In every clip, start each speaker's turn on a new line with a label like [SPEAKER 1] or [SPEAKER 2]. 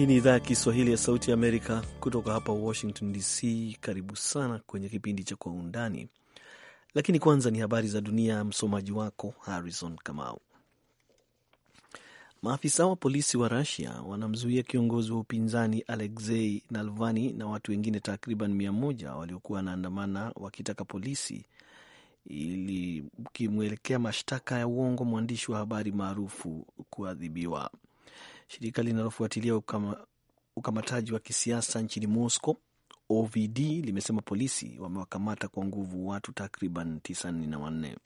[SPEAKER 1] Hii ni idhaa ya Kiswahili ya Sauti ya Amerika kutoka hapa Washington DC. Karibu sana kwenye kipindi cha Kwa Undani, lakini kwanza ni habari za dunia. Msomaji wako Harrison Kamau. Maafisa wa polisi wa Rusia wanamzuia kiongozi wa upinzani Alexei Navalny na watu wengine takriban mia moja waliokuwa wanaandamana wakitaka polisi ili kimwelekea mashtaka ya uongo mwandishi wa habari maarufu kuadhibiwa. Shirika linalofuatilia ukama, ukamataji wa kisiasa nchini Moscow OVD limesema polisi wamewakamata kwa nguvu watu takriban tisini na wanne.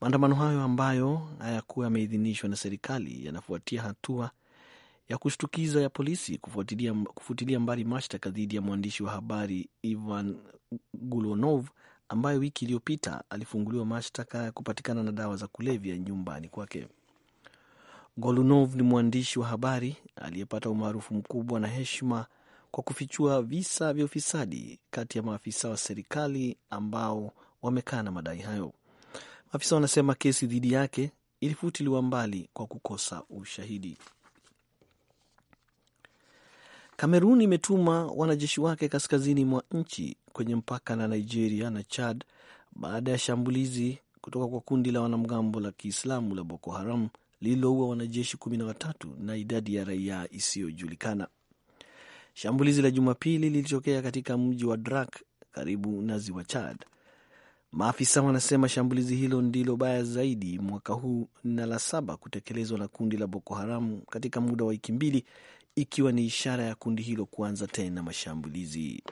[SPEAKER 1] Maandamano hayo ambayo hayakuwa yameidhinishwa na serikali yanafuatia hatua ya kushtukiza ya polisi kufuatilia, kufutilia mbali mashtaka dhidi ya mwandishi wa habari Ivan Gulonov ambaye wiki iliyopita alifunguliwa mashtaka ya kupatikana na dawa za kulevya nyumbani kwake. Golunov ni mwandishi wa habari aliyepata umaarufu mkubwa na heshima kwa kufichua visa vya ufisadi kati ya maafisa wa serikali ambao wamekana madai hayo. Maafisa wanasema kesi dhidi yake ilifutiliwa mbali kwa kukosa ushahidi. Kamerun imetuma wanajeshi wake kaskazini mwa nchi kwenye mpaka na Nigeria na Chad baada ya shambulizi kutoka kwa kundi la wanamgambo la Kiislamu la Boko Haram lililoua wanajeshi kumi na watatu na idadi ya raia isiyojulikana. Shambulizi la Jumapili lilitokea katika mji wa Drak karibu na ziwa Chad. Maafisa wanasema shambulizi hilo ndilo baya zaidi mwaka huu na la saba kutekelezwa na kundi la Boko Haramu katika muda wa wiki mbili, ikiwa ni ishara ya kundi hilo kuanza tena mashambulizi.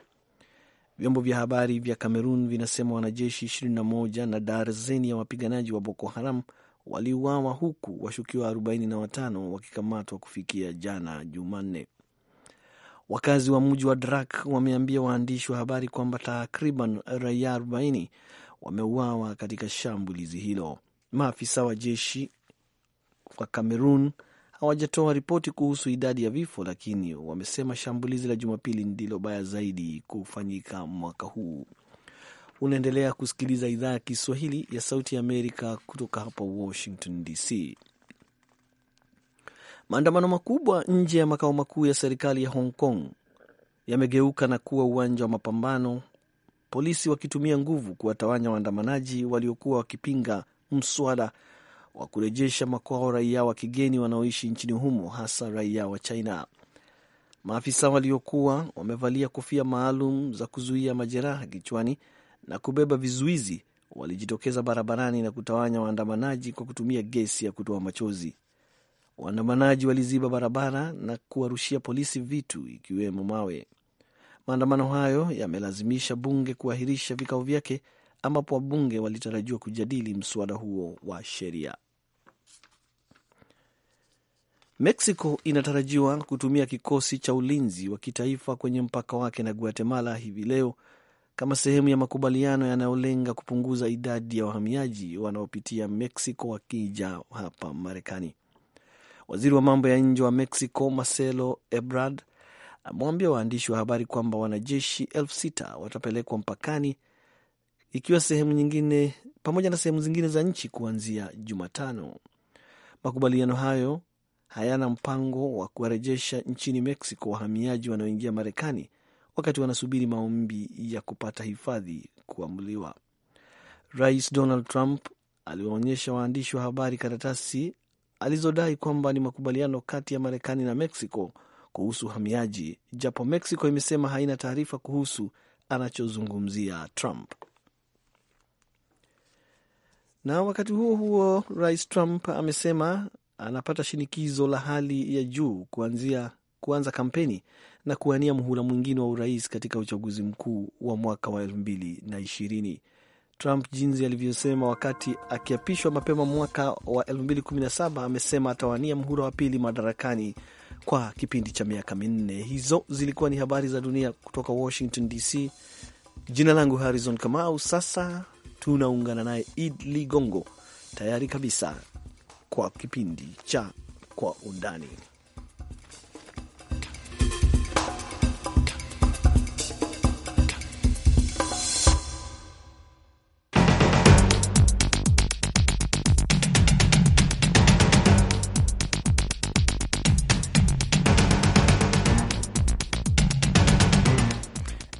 [SPEAKER 1] Vyombo vya habari vya Kamerun vinasema wanajeshi 21 na darzeni ya wapiganaji wa Boko Haram waliuawa huku washukiwa 45 wakikamatwa kufikia jana Jumanne. Wakazi wa mji wa Drak wameambia waandishi wa habari kwamba takriban raia 40 wameuawa katika shambulizi hilo. Maafisa wa jeshi wa Kamerun hawajatoa ripoti kuhusu idadi ya vifo, lakini wamesema shambulizi la Jumapili ndilo baya zaidi kufanyika mwaka huu. Unaendelea kusikiliza idhaa ya Kiswahili ya Sauti ya Amerika kutoka hapa Washington DC. Maandamano makubwa nje ya makao makuu ya serikali ya Hong Kong yamegeuka na kuwa uwanja wa mapambano, polisi wakitumia nguvu kuwatawanya waandamanaji waliokuwa wakipinga mswada wa kurejesha makwao raia wa kigeni wanaoishi nchini humo, hasa raia wa China. Maafisa waliokuwa wamevalia kofia maalum za kuzuia majeraha kichwani na kubeba vizuizi walijitokeza barabarani na kutawanya waandamanaji kwa kutumia gesi ya kutoa machozi. Waandamanaji waliziba barabara na kuwarushia polisi vitu ikiwemo mawe. Maandamano hayo yamelazimisha bunge kuahirisha vikao vyake ambapo wabunge walitarajiwa kujadili mswada huo wa sheria. Mexico inatarajiwa kutumia kikosi cha ulinzi wa kitaifa kwenye mpaka wake na Guatemala hivi leo kama sehemu ya makubaliano yanayolenga kupunguza idadi ya wahamiaji wanaopitia Mexico wakija hapa Marekani. Waziri wa mambo ya nje wa Mexico Marcelo Ebrard amewaambia waandishi wa habari kwamba wanajeshi elfu sita watapelekwa mpakani, ikiwa sehemu nyingine pamoja na sehemu zingine za nchi kuanzia Jumatano. Makubaliano hayo hayana mpango wa kuwarejesha nchini Mexico wahamiaji wanaoingia Marekani wakati wanasubiri maombi ya kupata hifadhi kuamuliwa. Rais Donald Trump aliwaonyesha waandishi wa habari karatasi alizodai kwamba ni makubaliano kati ya Marekani na Mexico kuhusu uhamiaji, japo Mexico imesema haina taarifa kuhusu anachozungumzia Trump. Na wakati huo huo, Rais Trump amesema anapata shinikizo la hali ya juu kuanzia kuanza kampeni na kuwania mhula mwingine wa urais katika uchaguzi mkuu wa mwaka wa 2020. Trump jinsi alivyosema wakati akiapishwa mapema mwaka wa 2017, amesema atawania mhula wa pili madarakani kwa kipindi cha miaka minne. Hizo zilikuwa ni habari za dunia kutoka Washington DC. Jina langu Harrison Kamau. Sasa tunaungana naye Id Ligongo, tayari kabisa kwa kipindi cha Kwa Undani.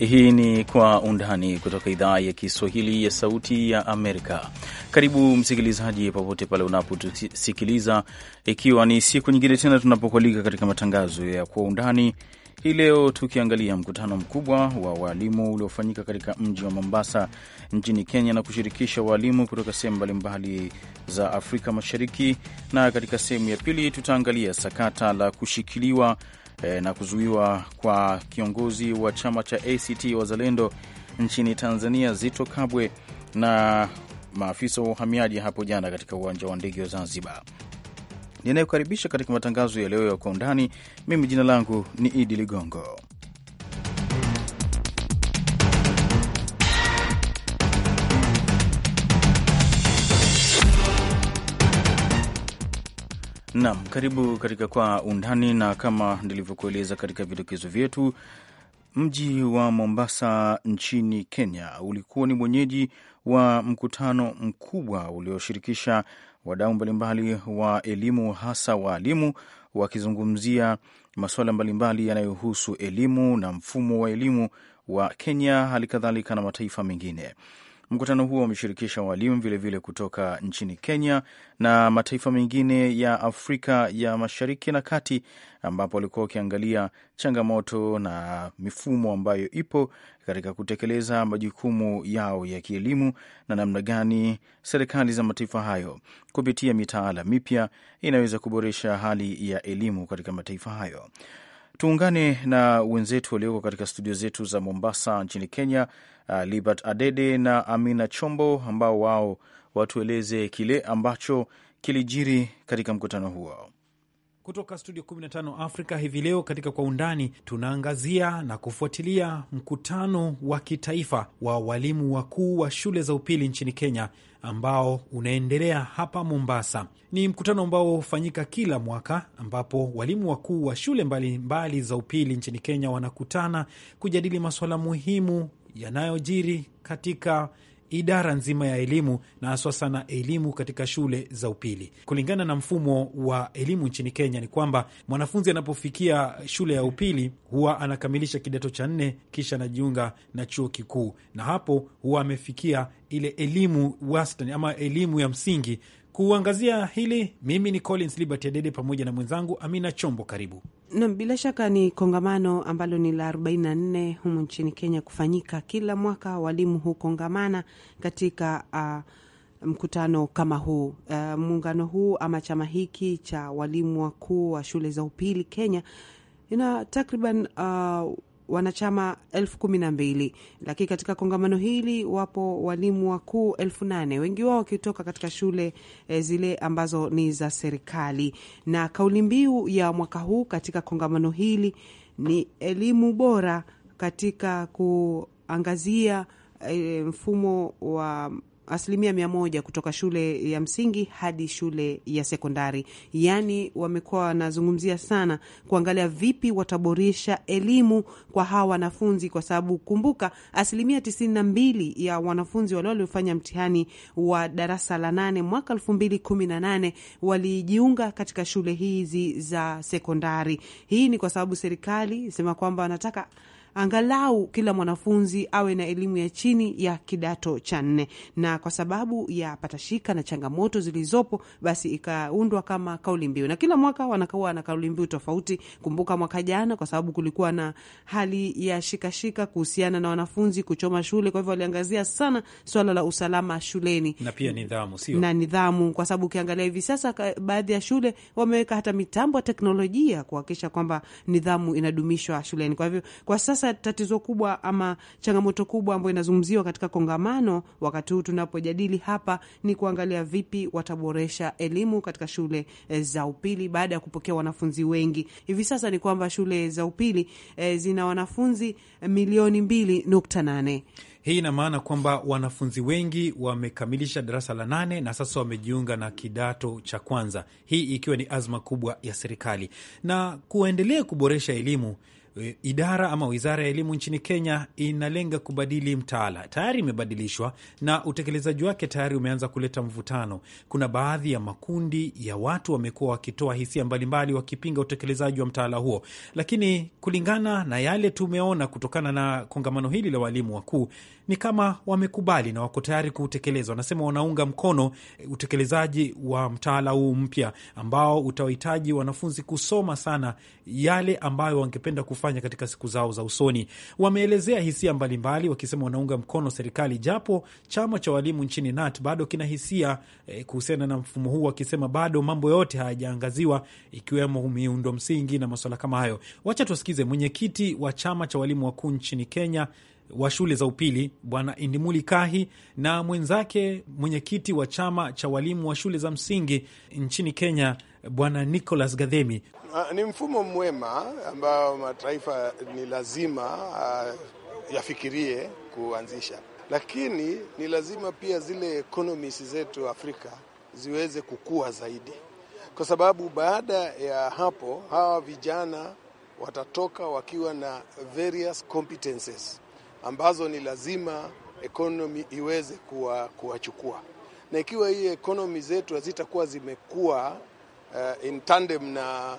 [SPEAKER 2] Hii ni Kwa Undani kutoka idhaa ya Kiswahili ya Sauti ya Amerika. Karibu msikilizaji, popote pale unapotusikiliza, ikiwa ni siku nyingine tena tunapokualika katika matangazo ya Kwa Undani hii leo, tukiangalia mkutano mkubwa wa waalimu uliofanyika katika mji wa Mombasa nchini Kenya na kushirikisha waalimu kutoka sehemu mbalimbali za Afrika Mashariki, na katika sehemu ya pili tutaangalia sakata la kushikiliwa e, na kuzuiwa kwa kiongozi wa chama cha ACT Wazalendo nchini Tanzania Zito Kabwe na maafisa wa uhamiaji hapo jana katika uwanja wa ndege wa Zanzibar. Ninayekukaribisha katika matangazo ya leo ya Kwa Undani, mimi jina langu ni Idi Ligongo. Naam, karibu katika Kwa Undani, na kama nilivyokueleza katika vidokezo vyetu, mji wa Mombasa nchini Kenya ulikuwa ni mwenyeji wa mkutano mkubwa ulioshirikisha wadau mbalimbali wa elimu, hasa waalimu, wakizungumzia masuala mbalimbali yanayohusu elimu na mfumo wa elimu wa Kenya, hali kadhalika na mataifa mengine. Mkutano huo umeshirikisha walimu vilevile kutoka nchini Kenya na mataifa mengine ya Afrika ya Mashariki na Kati, ambapo walikuwa wakiangalia changamoto na mifumo ambayo ipo katika kutekeleza majukumu yao ya kielimu na namna gani serikali za mataifa hayo kupitia mitaala mipya inaweza kuboresha hali ya elimu katika mataifa hayo. Tuungane na wenzetu walioko katika studio zetu za Mombasa nchini Kenya, uh, Libert Adede na Amina Chombo, ambao wao watueleze kile ambacho kilijiri katika mkutano huo.
[SPEAKER 3] Kutoka studio 15 Afrika hivi leo katika Kwa Undani tunaangazia na kufuatilia mkutano wa kitaifa wa walimu wakuu wa shule za upili nchini Kenya ambao unaendelea hapa Mombasa. Ni mkutano ambao hufanyika kila mwaka, ambapo walimu wakuu wa shule mbalimbali mbali za upili nchini Kenya wanakutana kujadili masuala muhimu yanayojiri katika idara nzima ya elimu na haswa sana elimu katika shule za upili. Kulingana na mfumo wa elimu nchini Kenya ni kwamba mwanafunzi anapofikia shule ya upili huwa anakamilisha kidato cha nne, kisha anajiunga na chuo kikuu, na hapo huwa amefikia ile elimu wastani ama elimu ya msingi. Kuangazia hili, mimi ni Collins Liberty Adede pamoja na mwenzangu Amina Chombo. Karibu
[SPEAKER 4] na bila shaka ni kongamano ambalo ni la 44 humu nchini Kenya kufanyika kila mwaka. Walimu hukongamana katika uh, mkutano kama huu uh, muungano huu ama chama hiki cha walimu wakuu wa shule za upili Kenya ina takriban uh, wanachama elfu kumi na mbili lakini katika kongamano hili wapo walimu wakuu elfu nane wengi wao wakitoka katika shule e, zile ambazo ni za serikali. Na kauli mbiu ya mwaka huu katika kongamano hili ni elimu bora katika kuangazia e, mfumo wa asilimia mia moja kutoka shule ya msingi hadi shule ya sekondari. Yaani wamekuwa wanazungumzia sana kuangalia vipi wataboresha elimu kwa hawa wanafunzi, kwa sababu kumbuka, asilimia tisini na mbili ya wanafunzi wale waliofanya mtihani wa darasa la nane mwaka elfu mbili kumi na nane walijiunga katika shule hizi za sekondari. Hii ni kwa sababu serikali sema kwamba wanataka angalau kila mwanafunzi awe na elimu ya chini ya kidato cha nne, na kwa sababu ya patashika na changamoto zilizopo, basi ikaundwa kama kauli mbiu, na kila mwaka wanakuwa na kauli mbiu tofauti. Kumbuka mwaka jana, kwa sababu kulikuwa na hali ya shikashika kuhusiana na wanafunzi kuchoma shule, kwa hivyo waliangazia sana swala la usalama shuleni na pia nidhamu, sio na nidhamu, kwa sababu ukiangalia hivi sasa baadhi ya shule wameweka hata mitambo ya teknolojia kuhakikisha kwamba nidhamu inadumishwa shuleni. Kwa hivyo kwa sasa sasa tatizo kubwa ama changamoto kubwa ambayo inazungumziwa katika kongamano wakati huu tunapojadili hapa ni kuangalia vipi wataboresha elimu katika shule eh, za upili baada ya kupokea wanafunzi wengi. Hivi sasa ni kwamba shule za upili e, zina wanafunzi eh, milioni mbili nukta nane. Hii
[SPEAKER 3] ina maana kwamba wanafunzi wengi wamekamilisha darasa la nane na sasa wamejiunga na kidato cha kwanza, hii ikiwa ni azma kubwa ya serikali na kuendelea kuboresha elimu. Eh, idara ama wizara ya elimu nchini Kenya inalenga kubadili mtaala. Tayari imebadilishwa na utekelezaji wake tayari umeanza kuleta mvutano. Kuna baadhi ya makundi ya watu wamekuwa wakitoa hisia mbalimbali wakipinga utekelezaji wa mtaala huo, lakini kulingana na yale tumeona kutokana na kongamano hili la walimu wakuu, ni kama wamekubali na wako tayari kuutekeleza. Wanasema wanaunga mkono eh, utekelezaji wa mtaala huu mpya ambao utawahitaji wanafunzi kusoma sana yale ambayo wangependa kuf kufanya katika siku zao za usoni. Wameelezea hisia mbalimbali, wakisema wanaunga mkono serikali, japo chama cha walimu nchini NAT bado kina hisia eh, kuhusiana na mfumo huu, wakisema bado mambo yote hayajaangaziwa ikiwemo miundo msingi na maswala kama hayo. Wacha tusikize mwenyekiti wa chama cha walimu wakuu nchini Kenya wa shule za upili Bwana Indimuli Kahi na mwenzake mwenyekiti wa chama cha walimu wa shule za msingi nchini Kenya Bwana Nicholas Gadhemi.
[SPEAKER 1] Ah, ni mfumo mwema ambao mataifa ni lazima uh, yafikirie kuanzisha, lakini ni lazima pia zile economies zetu Afrika ziweze kukua zaidi, kwa sababu baada ya hapo hawa vijana watatoka wakiwa na various competences ambazo ni lazima economy iweze kuwachukua kuwa na ikiwa hii ekonomi zetu hazitakuwa zimekuwa uh, in tandem na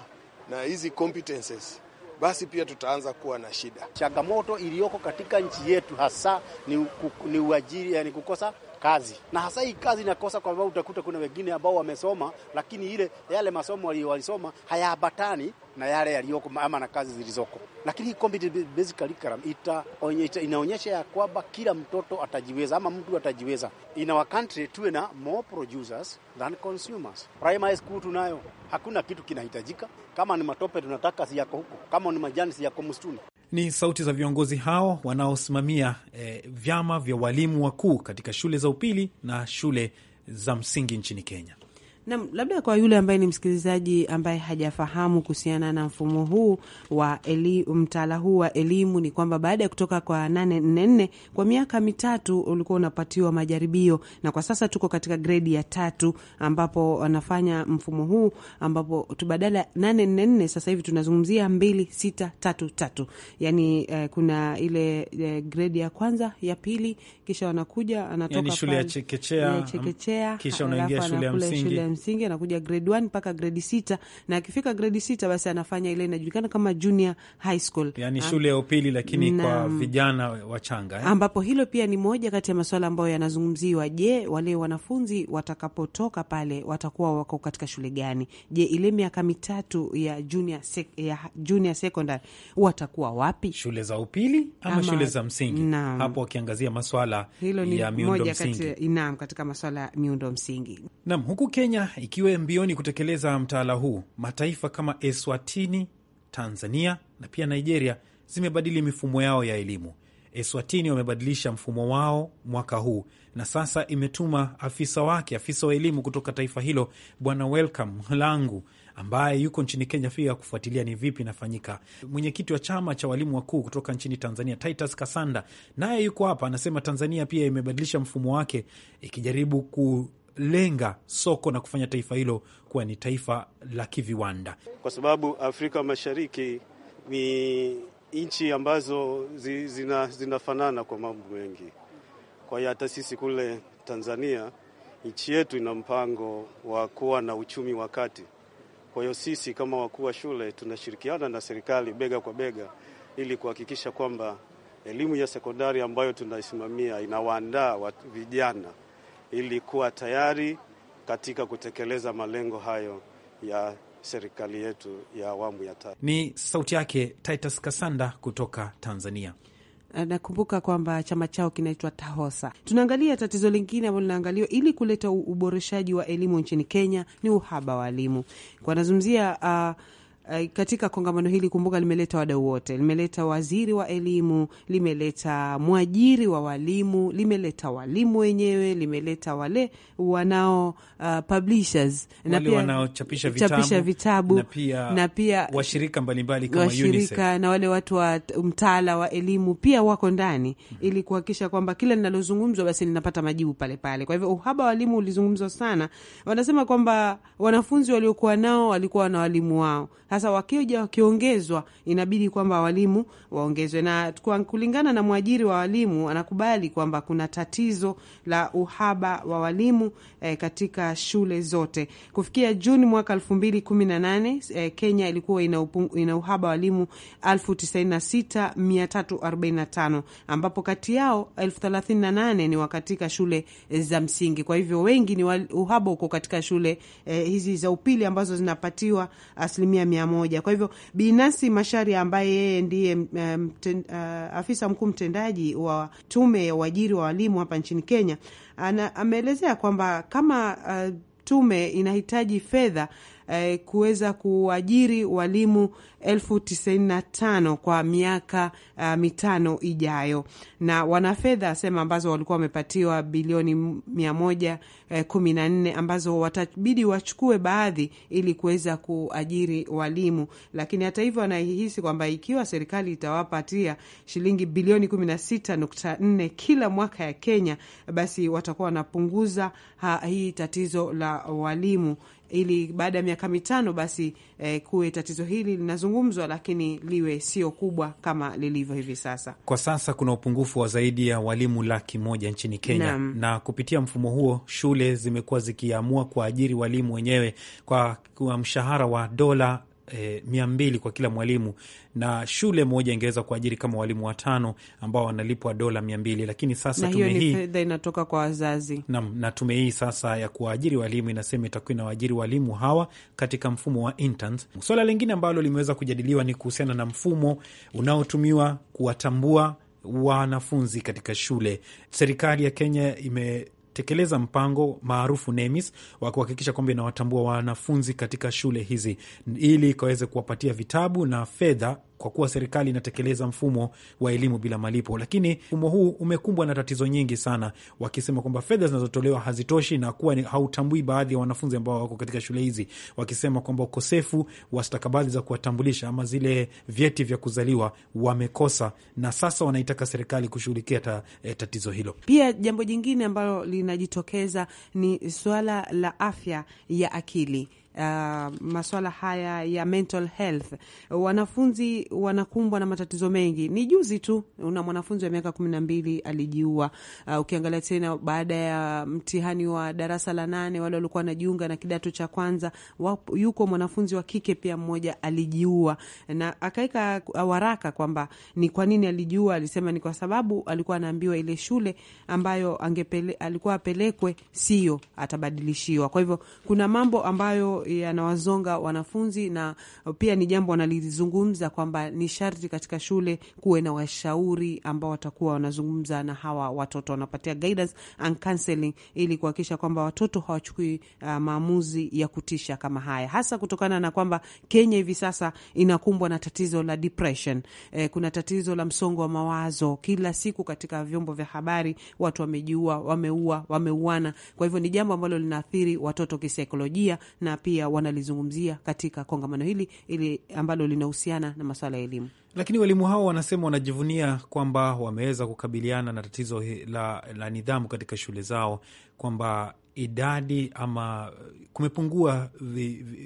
[SPEAKER 1] na hizi competences basi pia tutaanza kuwa na shida. Changamoto iliyoko katika nchi yetu hasa ni,
[SPEAKER 3] ni uajiri, yani kukosa kazi, na hasa hii kazi inakosa, kwa sababu utakuta kuna wengine ambao wamesoma, lakini ile yale masomo walisoma hayaambatani na yale yaliyoko ama na kazi zilizoko. Lakini hii competency based curriculum ita, ita, inaonyesha ya kwamba kila mtoto atajiweza ama mtu atajiweza. In our country tuwe na more producers than consumers. Primary school tunayo, hakuna kitu kinahitajika. Kama ni matope tunataka siyako huko, kama ni majani siyako yako msituni. Ni sauti za viongozi hao wanaosimamia eh, vyama vya walimu wakuu katika shule za upili na shule za msingi nchini Kenya.
[SPEAKER 4] Nam, labda kwa yule ambaye ni msikilizaji ambaye hajafahamu kuhusiana na mfumo huu wa elimu, mtaala huu wa elimu ni kwamba baada ya kutoka kwa nane nne nne kwa miaka mitatu ulikuwa unapatiwa majaribio, na kwa sasa tuko katika gredi ya tatu ambapo wanafanya mfumo huu ambapo tubadala nane nne nne sasa hivi tunazungumzia mbili sita tatu tatu, yani eh, kuna ile eh, gredi ya kwanza ya pili, kisha wanakuja yaani anatoka yani shule ya chekechea, ya chekechea kisha unaingia shule ya msingi msingi anakuja grade one mpaka grade sita, na akifika grade sita basi anafanya ile inajulikana kama junior high school, yani ah. shule ya upili, lakini na, kwa vijana
[SPEAKER 3] wachanga eh, ambapo
[SPEAKER 4] hilo pia ni moja kati ya masuala ambayo yanazungumziwa. Je, wale wanafunzi watakapotoka pale watakuwa wako katika shule gani? Je, ile miaka mitatu ya junior sec, ya junior secondary watakuwa wapi, shule za upili ama, ama shule za msingi
[SPEAKER 3] na, hapo wakiangazia maswala hilo ni ya miundo msingi.
[SPEAKER 4] Naam, katika masuala ya miundo msingi. Naam, huku Kenya
[SPEAKER 3] ikiwa mbioni kutekeleza mtaala huu. Mataifa kama Eswatini, Tanzania na pia Nigeria zimebadili mifumo yao ya elimu. Eswatini wamebadilisha mfumo wao mwaka huu na sasa imetuma afisa wake, afisa wa elimu kutoka taifa hilo, Bwana Welcome Mlangu ambaye yuko nchini Kenya pia kufuatilia ni vipi inafanyika. Mwenyekiti wa chama cha walimu wakuu kutoka nchini Tanzania, Titus Kasanda, naye yuko hapa, anasema Tanzania pia imebadilisha mfumo wake ikijaribu ku lenga soko na kufanya taifa hilo kuwa ni taifa la kiviwanda,
[SPEAKER 2] kwa sababu Afrika Mashariki ni nchi ambazo zina, zinafanana kwa mambo mengi. Kwa hiyo hata sisi kule Tanzania nchi yetu ina mpango wa kuwa na uchumi wa kati. Kwa hiyo sisi kama wakuu wa shule tunashirikiana na serikali bega kwa bega ili kuhakikisha kwamba elimu ya sekondari ambayo tunaisimamia inawaandaa vijana ili kuwa tayari katika kutekeleza malengo hayo ya serikali yetu ya awamu ya tatu.
[SPEAKER 4] Ni
[SPEAKER 3] sauti yake Titus Kasanda kutoka Tanzania.
[SPEAKER 4] Eh, nakumbuka kwamba chama chao kinaitwa Tahosa. Tunaangalia tatizo lingine ambalo linaangaliwa ili kuleta uboreshaji wa elimu nchini Kenya ni uhaba wa elimu Kwa nazungumzia uh, Eh, katika kongamano hili, kumbuka, limeleta wadau wote, limeleta waziri wa elimu, limeleta mwajiri wa walimu, limeleta walimu wenyewe, limeleta wale wanao uh, publishers na pia
[SPEAKER 3] wanaochapisha vitabu, vitabu na pia, na pia washirika mbalimbali kama washirika
[SPEAKER 4] na wale watu wa mtaala wa elimu pia wako ndani mm -hmm. ili kuhakikisha kwamba kila linalozungumzwa basi linapata majibu pale pale. Kwa hivyo uhaba wa walimu ulizungumzwa sana, wanasema kwamba wanafunzi waliokuwa nao walikuwa na walimu wao sasa wakija wakiongezwa, inabidi kwamba walimu waongezwe, na kwa kulingana na mwajiri wa walimu anakubali kwamba kuna tatizo la uhaba wa walimu eh, katika shule zote. Kufikia Juni mwaka nane eh, Kenya ilikuwa ina, upung, ina uhaba wa walimu tano ambapo kati yao nane ni wakatika shule za msingi. Kwa hivyo wengi ni uhaba uko katika shule eh, hizi za upili ambazo zinapatiwa asilimia mia moja. Kwa hivyo Binasi Mashari ambaye yeye ndiye um, eh, ten, uh, eh, afisa mkuu mtendaji wa tume ya uajiri wa walimu hapa nchini Kenya ameelezea kwamba kama uh, tume inahitaji fedha uh, kuweza kuajiri walimu elfu tisini na tano kwa miaka uh, mitano ijayo, na wanafedha fedha sema ambazo walikuwa wamepatiwa bilioni mia moja eh, kumi na nne ambazo watabidi wachukue baadhi ili kuweza kuajiri walimu. Lakini hata hivyo, wanahisi kwamba ikiwa serikali itawapatia shilingi bilioni kumi na sita nukta nne kila mwaka ya Kenya, basi watakuwa wanapunguza hii tatizo la walimu, ili baada ya miaka mitano basi eh, kuwe tatizo hili linazunguka linazungumzwa, lakini liwe sio kubwa kama lilivyo hivi sasa.
[SPEAKER 3] Kwa sasa kuna upungufu wa zaidi ya walimu laki moja nchini Kenya na, na kupitia mfumo huo shule zimekuwa zikiamua kuajiri walimu wenyewe kwa, kwa mshahara wa dola E, mia mbili kwa kila mwalimu na shule moja ingeweza kuajiri kama walimu watano ambao wanalipwa dola mia mbili lakini sasa tume hii
[SPEAKER 4] inatoka kwa wazazi
[SPEAKER 3] nam, na tume hii sasa ya kuwaajiri walimu inasema itakuwa inawaajiri walimu hawa katika mfumo wa interns. Swala lingine ambalo limeweza kujadiliwa ni kuhusiana na mfumo unaotumiwa kuwatambua wanafunzi katika shule. Serikali ya Kenya ime tekeleza mpango maarufu NEMIS wa kuhakikisha kwamba inawatambua wanafunzi katika shule hizi ili ikaweze kuwapatia vitabu na fedha kwa kuwa serikali inatekeleza mfumo wa elimu bila malipo, lakini mfumo huu umekumbwa na tatizo nyingi sana, wakisema kwamba fedha zinazotolewa hazitoshi na kuwa hautambui baadhi ya wanafunzi ambao wako katika shule hizi, wakisema kwamba ukosefu wa stakabadhi za kuwatambulisha ama zile vyeti vya kuzaliwa wamekosa, na sasa wanaitaka serikali kushughulikia ta, e, tatizo hilo.
[SPEAKER 4] Pia jambo jingine ambalo linajitokeza ni suala la afya ya akili uh, maswala haya ya mental health, wanafunzi wanakumbwa na matatizo mengi. Ni juzi tu una mwanafunzi wa miaka kumi na mbili alijiua. Uh, ukiangalia tena baada ya mtihani wa darasa la nane, wale walikuwa wanajiunga na kidato cha kwanza, wap, yuko mwanafunzi wa kike pia mmoja alijiua, na akaweka waraka kwamba ni kwa nini alijiua. Alisema ni kwa sababu alikuwa anaambiwa ile shule ambayo angepele, alikuwa apelekwe sio, atabadilishiwa. Kwa hivyo kuna mambo ambayo ambayo yanawazonga wanafunzi, na pia ni jambo wanalizungumza kwamba ni sharti katika shule kuwe na washauri ambao watakuwa wanazungumza na hawa watoto, wanapatia guidance and counseling ili kuhakikisha kwamba watoto hawachukui uh, maamuzi ya kutisha kama haya, hasa kutokana na kwamba Kenya hivi sasa inakumbwa na tatizo la depression. Eh, kuna tatizo la msongo wa mawazo. Kila siku katika vyombo vya habari watu wamejiua, wameua, wameuana. Kwa hivyo ni jambo ambalo linaathiri watoto kisaikolojia na pia pia wanalizungumzia katika kongamano hili ili ambalo linahusiana na masuala ya elimu.
[SPEAKER 3] Lakini walimu hao wanasema wanajivunia kwamba wameweza kukabiliana na tatizo la, la nidhamu katika shule zao kwamba idadi ama kumepungua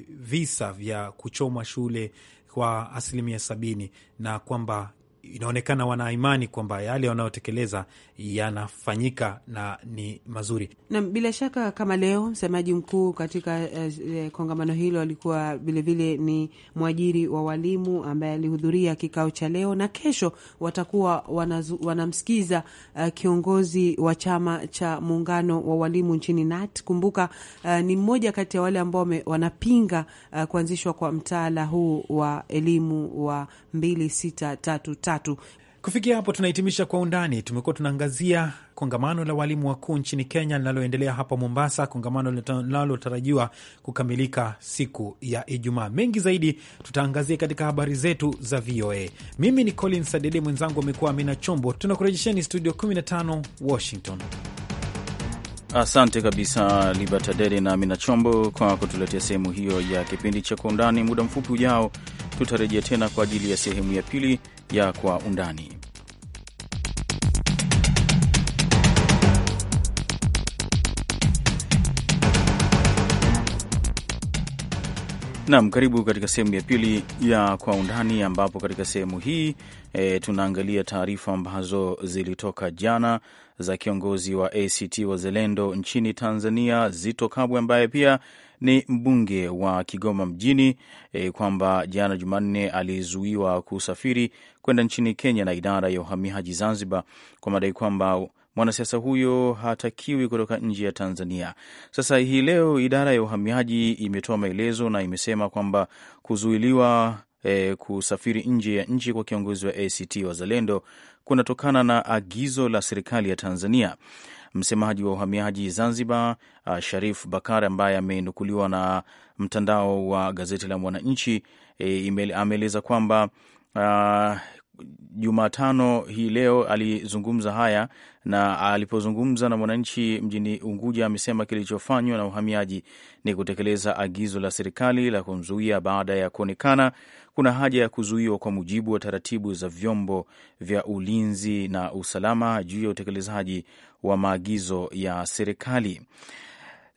[SPEAKER 3] visa vya kuchomwa shule kwa asilimia sabini na kwamba inaonekana wana imani kwamba yale wanayotekeleza yanafanyika na ni mazuri.
[SPEAKER 4] Na bila shaka kama leo msemaji mkuu katika eh, eh kongamano hilo alikuwa vilevile ni mwajiri wa walimu ambaye alihudhuria kikao cha leo, na kesho watakuwa wanazu, wanamsikiza eh, kiongozi wa chama cha muungano wa walimu nchini NAT. Kumbuka eh, ni mmoja kati ya wale ambao wanapinga eh, kuanzishwa kwa mtaala huu wa elimu wa mbili sita tatu tatu tatu. Kufikia hapo tunahitimisha Kwa Undani. Tumekuwa tunaangazia
[SPEAKER 3] kongamano la walimu wakuu nchini Kenya linaloendelea hapa Mombasa, kongamano linalotarajiwa kukamilika siku ya Ijumaa. Mengi zaidi tutaangazia katika habari zetu za VOA. Mimi ni Colin Sadede, mwenzangu amekuwa Amina Chombo. Tunakurejesheni studio 15 Washington.
[SPEAKER 2] Asante kabisa Libertadede na Amina Chombo kwa kutuletea sehemu hiyo ya kipindi cha Kwa Undani. Muda mfupi ujao tutarejea tena kwa ajili ya sehemu ya pili ya Kwa Undani. Nam, karibu katika sehemu ya pili ya Kwa Undani, ambapo katika sehemu hii e, tunaangalia taarifa ambazo zilitoka jana za kiongozi wa ACT Wazalendo nchini Tanzania, Zito Kabwe, ambaye pia ni mbunge wa Kigoma mjini e, kwamba jana Jumanne alizuiwa kusafiri kwenda nchini Kenya na idara ya uhamiaji Zanzibar kwa madai kwamba mwanasiasa huyo hatakiwi kutoka nje ya Tanzania. Sasa hii leo idara ya uhamiaji imetoa maelezo na imesema kwamba kuzuiliwa E, kusafiri nje ya nchi kwa kiongozi wa ACT Wazalendo kunatokana na agizo la serikali ya Tanzania Msemaji wa uhamiaji Zanzibar, uh, Sharif Bakar, ambaye amenukuliwa na mtandao wa gazeti la Mwananchi, e, ameeleza kwamba Uh, Jumatano hii leo alizungumza haya, na alipozungumza na mwananchi mjini Unguja amesema kilichofanywa na uhamiaji ni kutekeleza agizo la serikali la kumzuia baada ya kuonekana kuna haja ya kuzuiwa kwa mujibu wa taratibu za vyombo vya ulinzi na usalama juu ya utekelezaji wa maagizo ya serikali.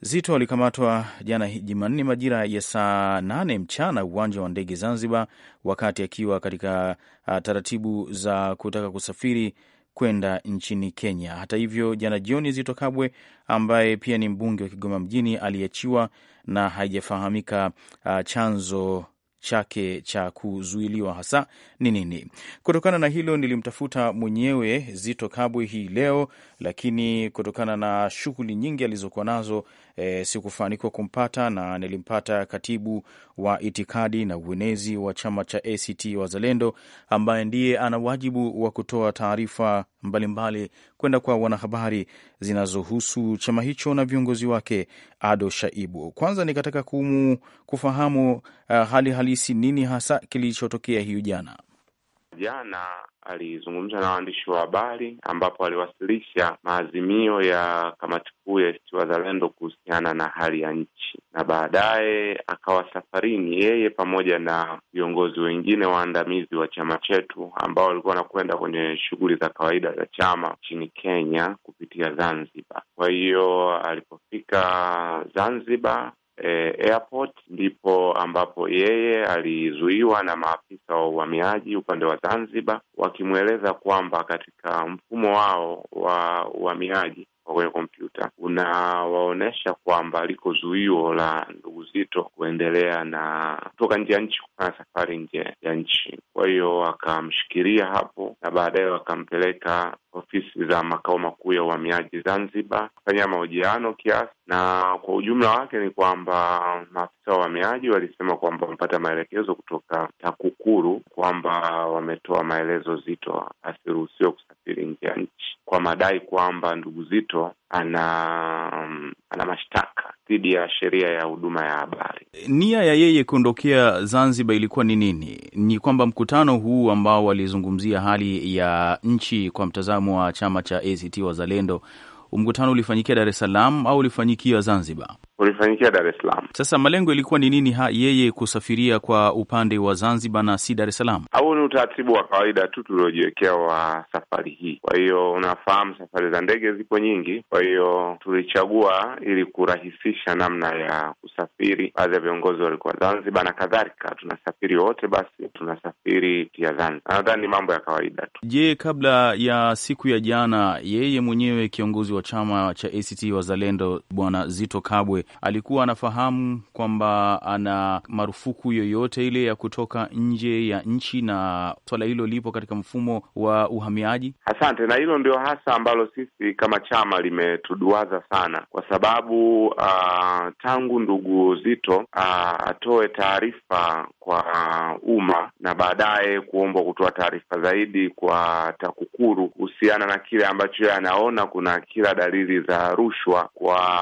[SPEAKER 2] Zito alikamatwa jana Jumanne majira ya saa nane mchana uwanja wa ndege Zanzibar, wakati akiwa katika ah, taratibu za kutaka kusafiri kwenda nchini Kenya. Hata hivyo, jana jioni Zito Kabwe ambaye pia ni mbunge wa Kigoma mjini aliachiwa na haijafahamika ah, chanzo chake cha kuzuiliwa hasa ni nini. Kutokana na hilo, nilimtafuta mwenyewe Zito Kabwe hii leo, lakini kutokana na shughuli nyingi alizokuwa nazo e, sikufanikiwa kumpata na nilimpata katibu wa itikadi na uenezi wa chama cha ACT Wazalendo, ambaye ndiye ana wajibu wa kutoa taarifa mbalimbali kwenda kwa wanahabari zinazohusu chama hicho na viongozi wake. Ado Shaibu, kwanza nikataka kumu, kufahamu uh, hali halisi nini hasa kilichotokea hiyo jana.
[SPEAKER 5] Jana alizungumza na waandishi wa habari ambapo aliwasilisha maazimio ya kamati kuu ya ACT Wazalendo kuhusiana na hali ya nchi, na baadaye akawa safarini yeye pamoja na viongozi wengine waandamizi wa chama chetu ambao walikuwa wanakwenda kwenye shughuli za kawaida za chama nchini Kenya kupitia Zanzibar. Kwa hiyo alipofika Zanzibar eh, airport ndipo ambapo yeye alizuiwa na maafisa wa uhamiaji upande wa Zanzibar, wakimweleza kwamba katika mfumo wao wa uhamiaji wa kwenye kompyuta unawaonyesha kwamba liko zuio la ndugu Zito kuendelea na kutoka nje ya nchi kufanya safari nje ya nchi. Kwa hiyo wakamshikilia hapo na baadaye wakampeleka ofisi za makao makuu ya uhamiaji Zanzibar kufanya mahojiano kiasi na kwa ujumla wake ni kwamba maafisa wa uhamiaji walisema kwamba wamepata maelekezo kutoka TAKUKURU kwamba wametoa maelezo Zito asiruhusiwe kusafiri nje ya nchi kwa madai kwamba ndugu Zito ana ana mashtaka dhidi ya sheria ya huduma ya habari.
[SPEAKER 2] Nia ya yeye kuondokea Zanzibar ilikuwa ni nini? Ni kwamba mkutano huu ambao walizungumzia hali ya nchi kwa mtazamo wa chama cha ACT Wazalendo Mkutano ulifanyikia Dar es Salaam au ulifanyikia Zanzibar?
[SPEAKER 5] ulifanyikia Dar es Salaam.
[SPEAKER 2] Sasa malengo ilikuwa ni nini ha yeye kusafiria kwa upande wa Zanzibar na si Dar es Salaam?
[SPEAKER 5] Au ni utaratibu wa kawaida tu tuliojiwekea wa safari hii? Kwa hiyo unafahamu safari za ndege zipo nyingi, kwa hiyo tulichagua ili kurahisisha namna ya kusafiri. Baadhi ya viongozi walikuwa Zanzibar na kadhalika, tunasafiri wote, basi tunasafiri pia Zanzibar. Nadhani ni mambo ya kawaida
[SPEAKER 2] tu. Je, kabla ya siku ya jana, yeye mwenyewe kiongozi wa chama cha ACT Wazalendo Bwana Zito Kabwe alikuwa anafahamu kwamba ana marufuku yoyote ile ya kutoka nje ya nchi, na swala hilo lipo katika mfumo wa uhamiaji?
[SPEAKER 5] Asante, na hilo ndio hasa ambalo sisi kama chama limetuduaza sana, kwa sababu uh, tangu ndugu Zito uh, ah, atoe taarifa kwa ah, umma na baadaye kuombwa kutoa taarifa zaidi kwa TAKUKURU kuhusiana na kile ambacho yeye anaona kuna kila dalili za rushwa kwa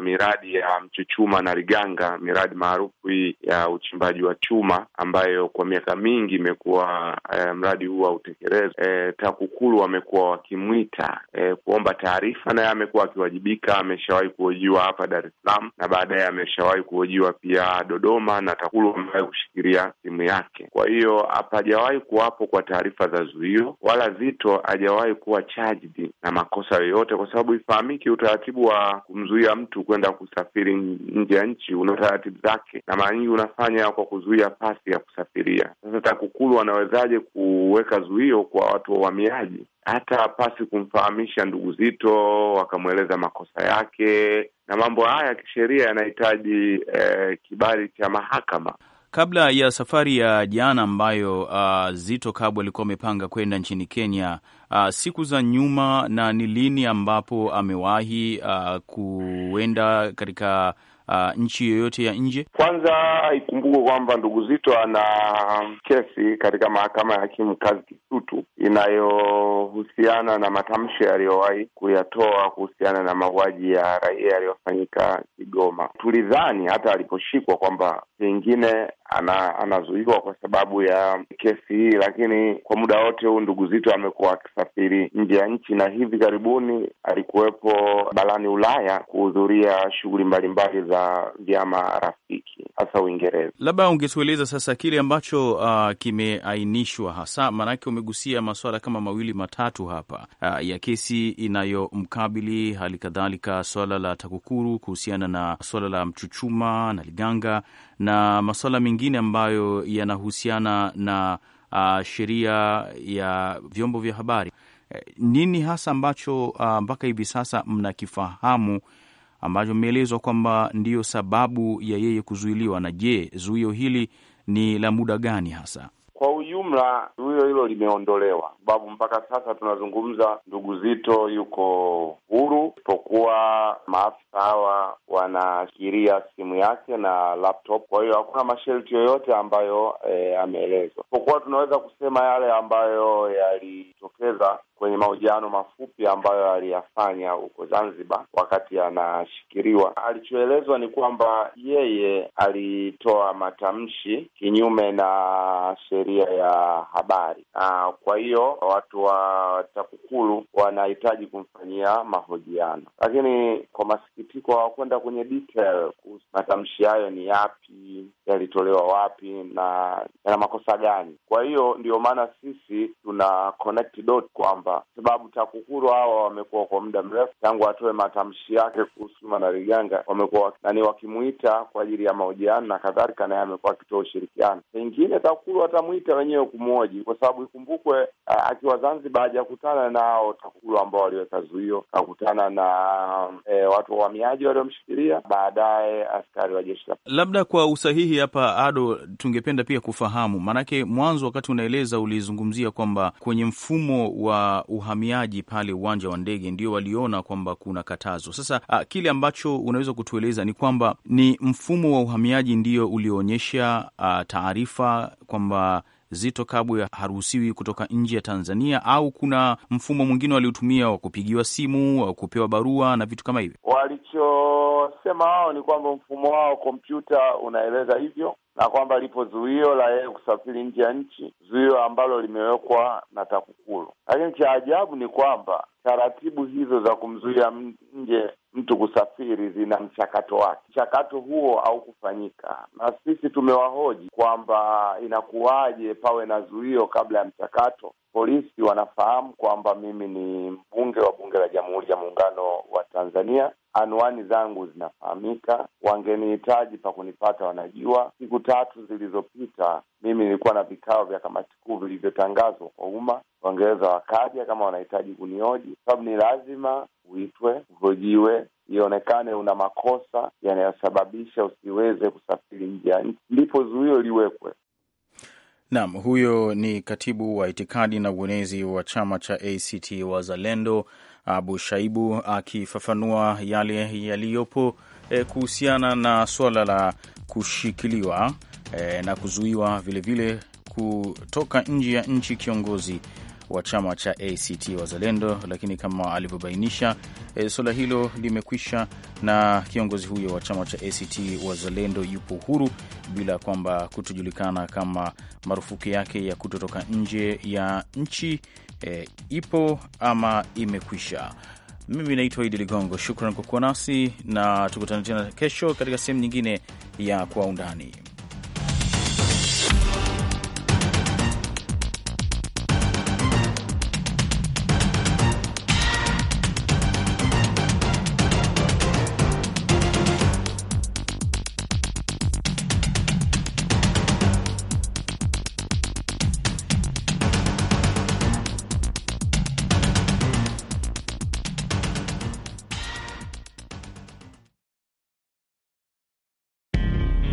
[SPEAKER 5] miradi ya ya um, Mchuchuma na Riganga, miradi maarufu hii ya uchimbaji wa chuma ambayo kwa miaka mingi imekuwa e, mradi huu hautekelezwa. E, eh, TAKUKURU wamekuwa wakimwita e, kuomba taarifa, naye amekuwa akiwajibika. Ameshawahi kuhojiwa hapa Dar es Salaam na baadaye ameshawahi kuhojiwa pia Dodoma, na TAKUKURU wamewahi kushikilia simu yake. Kwa hiyo hapajawahi kuwapo kwa taarifa za zuio, wala Zito hajawahi kuwa charged na makosa yoyote, kwa sababu ifahamiki utaratibu wa kumzuia mtu kwenda kusafiri kusafiri nje ya nchi una taratibu zake, na mara nyingi unafanya kwa kuzuia pasi ya kusafiria. Sasa TAKUKURU wanawezaje kuweka zuio kwa watu wa uhamiaji, hata pasi kumfahamisha ndugu Zito, wakamweleza makosa yake, na mambo haya kisheria yanahitaji eh, kibali cha mahakama.
[SPEAKER 2] Kabla ya safari ya jana ambayo uh, ah, Zito Kabwe alikuwa amepanga kwenda nchini Kenya uh, siku za nyuma na ni lini ambapo amewahi uh, kuenda katika Uh, nchi yoyote ya nje.
[SPEAKER 5] Kwanza ikumbukwe kwamba ndugu Zito ana kesi katika mahakama ya hakimu kazi Kisutu inayohusiana na matamshi aliyowahi kuyatoa kuhusiana na mauaji ya raia yaliyofanyika Kigoma. Tulidhani hata aliposhikwa kwamba pengine ana- anazuiwa kwa sababu ya kesi hii, lakini kwa muda wote huu ndugu Zito amekuwa akisafiri nje ya nchi, na hivi karibuni alikuwepo barani Ulaya kuhudhuria shughuli mbalimbali za vyama rafiki, hasa Uingereza.
[SPEAKER 2] Labda ungetueleza sasa kile ambacho uh, kimeainishwa hasa, maanake umegusia masuala kama mawili matatu hapa, uh, ya kesi inayomkabili, hali kadhalika swala la TAKUKURU kuhusiana na swala la Mchuchuma na Liganga na masuala mengine ambayo yanahusiana na uh, sheria ya vyombo vya habari. Eh, nini hasa ambacho uh, mpaka hivi sasa mnakifahamu ambacho mmeelezwa kwamba ndiyo sababu ya yeye kuzuiliwa, na je, zuio hili ni la muda gani hasa?
[SPEAKER 5] Kwa ujumla hilo hilo limeondolewa, sababu mpaka sasa tunazungumza, ndugu Zito yuko huru, isipokuwa maafisa hawa wanaashiria simu yake na laptop. Kwa hiyo hakuna masharti yoyote ambayo e, ameelezwa, isipokuwa tunaweza kusema yale ambayo yalitokeza kwenye mahojiano mafupi ambayo aliyafanya huko Zanzibar wakati anashikiriwa alichoelezwa ni kwamba yeye alitoa matamshi kinyume na sheria ya habari. Aa, kwa hiyo watu wa TAKUKULU wanahitaji kumfanyia mahojiano, lakini kwa masikitiko hawakwenda kwenye detail kuhusu matamshi hayo ni yapi, yalitolewa wapi na yana makosa gani. Kwa hiyo ndio maana sisi tuna connect dot kwamba kwamba sababu TAKUKURU hawa wamekuwa kwa muda mrefu tangu atoe matamshi yake kuhusu Mwanariganga, wamekuwa nani wakimwita kwa ajili ya mahojiano na kadhalika, naye amekuwa akitoa ushirikiano. Pengine TAKUKURU watamwita wenyewe kumwoji, kwa sababu ikumbukwe akiwa Zanzibar hajakutana na ao TAKUKURU ambao waliweka zuio, kakutana na e, watu wa uhamiaji waliomshikilia, baadaye askari wa jeshi la
[SPEAKER 2] labda. Kwa usahihi hapa, Ado, tungependa pia kufahamu maanake, mwanzo wakati unaeleza ulizungumzia kwamba kwenye mfumo wa uhamiaji pale uwanja wa ndege ndio waliona kwamba kuna katazo. Sasa a, ah, kile ambacho unaweza kutueleza ni kwamba ni mfumo wa uhamiaji ndio ulioonyesha ah, taarifa kwamba Zito Kabwe haruhusiwi kutoka nje ya Tanzania, au kuna mfumo mwingine waliotumia wa kupigiwa simu wa kupewa barua na vitu kama hivyo?
[SPEAKER 5] Walichosema wao ni kwamba mfumo wao kompyuta unaeleza hivyo, na kwamba lipo zuio la yeye kusafiri nje ya nchi, zuio ambalo limewekwa na TAKUKURU. Lakini cha ajabu ni kwamba taratibu hizo za kumzuia nje mtu kusafiri zina mchakato wake. Mchakato huo haukufanyika, na sisi tumewahoji kwamba inakuwaje pawe na zuio kabla ya mchakato polisi wanafahamu kwamba mimi ni mbunge wa bunge la Jamhuri ya Muungano wa Tanzania. Anwani zangu zinafahamika, wangenihitaji pa kunipata wanajua. Siku tatu zilizopita, mimi nilikuwa na vikao vya kamati kuu vilivyotangazwa kwa umma, wangeweza wakaja kama wanahitaji kunioji, sababu ni lazima uitwe, uhojiwe, ionekane una makosa yanayosababisha usiweze kusafiri nje ya nchi, ndipo zuio liwekwe.
[SPEAKER 2] Naam, huyo ni katibu wa itikadi na uenezi wa chama cha ACT Wazalendo Abu Shaibu akifafanua yale yaliyopo e, kuhusiana na suala la kushikiliwa e, na kuzuiwa vilevile kutoka nje ya nchi kiongozi wa chama cha ACT Wazalendo, lakini kama alivyobainisha e, suala hilo limekwisha na kiongozi huyo wa chama cha ACT Wazalendo yupo huru bila kwamba kutojulikana kama marufuku yake ya kutotoka nje ya nchi e, ipo ama imekwisha. Mimi naitwa Idi Ligongo, shukran kwa kuwa nasi na tukutane tena kesho katika sehemu nyingine ya Kwa Undani.